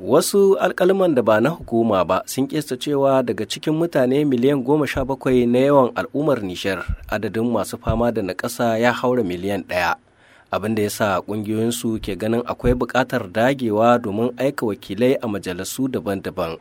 Wasu alkaliman da ba na hukuma ba sun kesta cewa daga cikin mutane miliyan goma sha bakwai na yawan al'ummar Nishar adadin masu fama da naƙasa ya haura miliyan ɗaya. Abin da ya sa ƙungiyoyinsu ke ganin akwai bukatar dagewa domin aika wakilai a majalisu daban-daban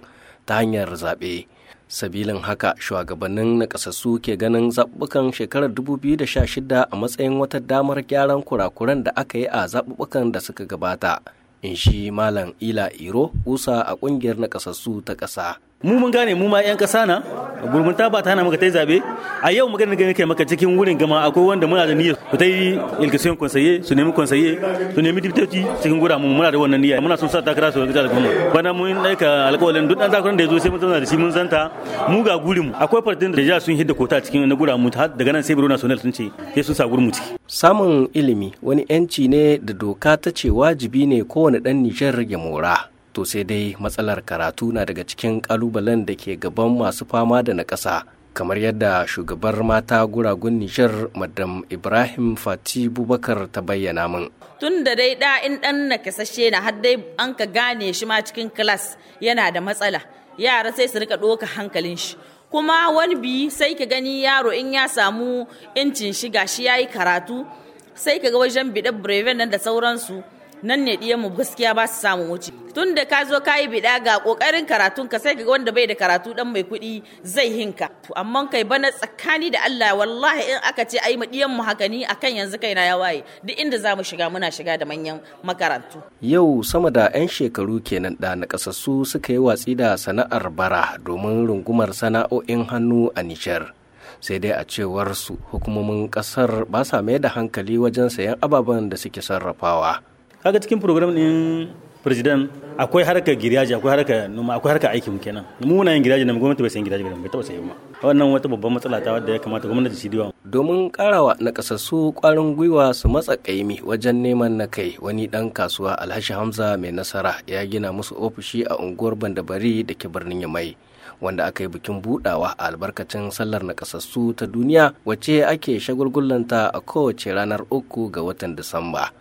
ta hanyar zaɓe. Sabilin haka shugabannin naƙasassu ke ganin zaɓuɓɓukan shekarar 2016 a matsayin wata damar gyaran kurakuran da aka yi a zaɓuɓɓukan da suka gabata. in shi malam ila iro kusa a ƙungiyar nakasassu ta kasa. mu mun gane mu ma 'yan kasa na gurgunta ba ta hana maka ta yi zabe a yau magana gani kai maka cikin wurin gama akwai wanda muna da niyyar su ta yi ilkisiyon konsaye su nemi konsaye su nemi diptoci cikin gura mu muna da wannan niyyar muna son sa ta kira su ga da mu bana mun aika alƙawarin duk dan takarar da ya zo sai mun zauna da shi mun zanta mu ga gurin mu akwai fartin da ja sun hidda kota cikin na gura mu daga nan sai biro national sun ce sai sun sa gurin mu ciki samun ilimi wani yanci ne da doka ta ce wajibi ne kowane dan Nijar ya mora to sai dai matsalar karatu na daga cikin kalubalen da ke gaban masu fama da na ƙasa kamar yadda shugabar mata guragun nishar madam ibrahim fati bubakar ta bayyana min tun da dai da in dan na kasashe na har dai an ka gane shi ma cikin kilas yana da matsala yara sai su rika ɗoka hankalin shi kuma wani bi sai ka gani yaro in ya samu incin shiga shi ya yi karatu sai ka ga wajen biɗe breven nan da sauransu nan ne mu gaskiya ba su samu wuce tun da ka zo ka yi biɗa ga ƙoƙarin karatun ka sai kaga wanda bai da karatu dan mai kuɗi zai hinka amma kai bana tsakani da Allah wallahi in aka ce ai diyan mu haka ni akan yanzu kai na ya waye duk inda za mu shiga muna shiga da manyan makarantu yau sama da 'yan shekaru kenan da kasassu suka yi watsi da sana'ar bara domin rungumar sana'o'in hannu a Nijar sai dai a cewar su hukumomin kasar ba sa mai da hankali wajen sayan ababen da suke sarrafawa kaga cikin program din president akwai harkar giriyaji akwai harkar noma akwai harkar aikin kenan mu muna yin giriyaji na gwamnati bai san giriyaji ba bai sai ba wannan wata babban matsala ta wadda ya kamata gwamnati shi diwa domin karawa nakasassu kwarin gwiwa su matsa kaimi wajen neman na kai wani dan kasuwa alhashi Hamza mai nasara ya gina musu ofishi a unguwar Bandabari da ke birnin Yamai wanda aka yi bikin budawa a albarkacin sallar nakasassu ta duniya wacce ake shagulgullanta a kowace ranar uku ga watan Disamba.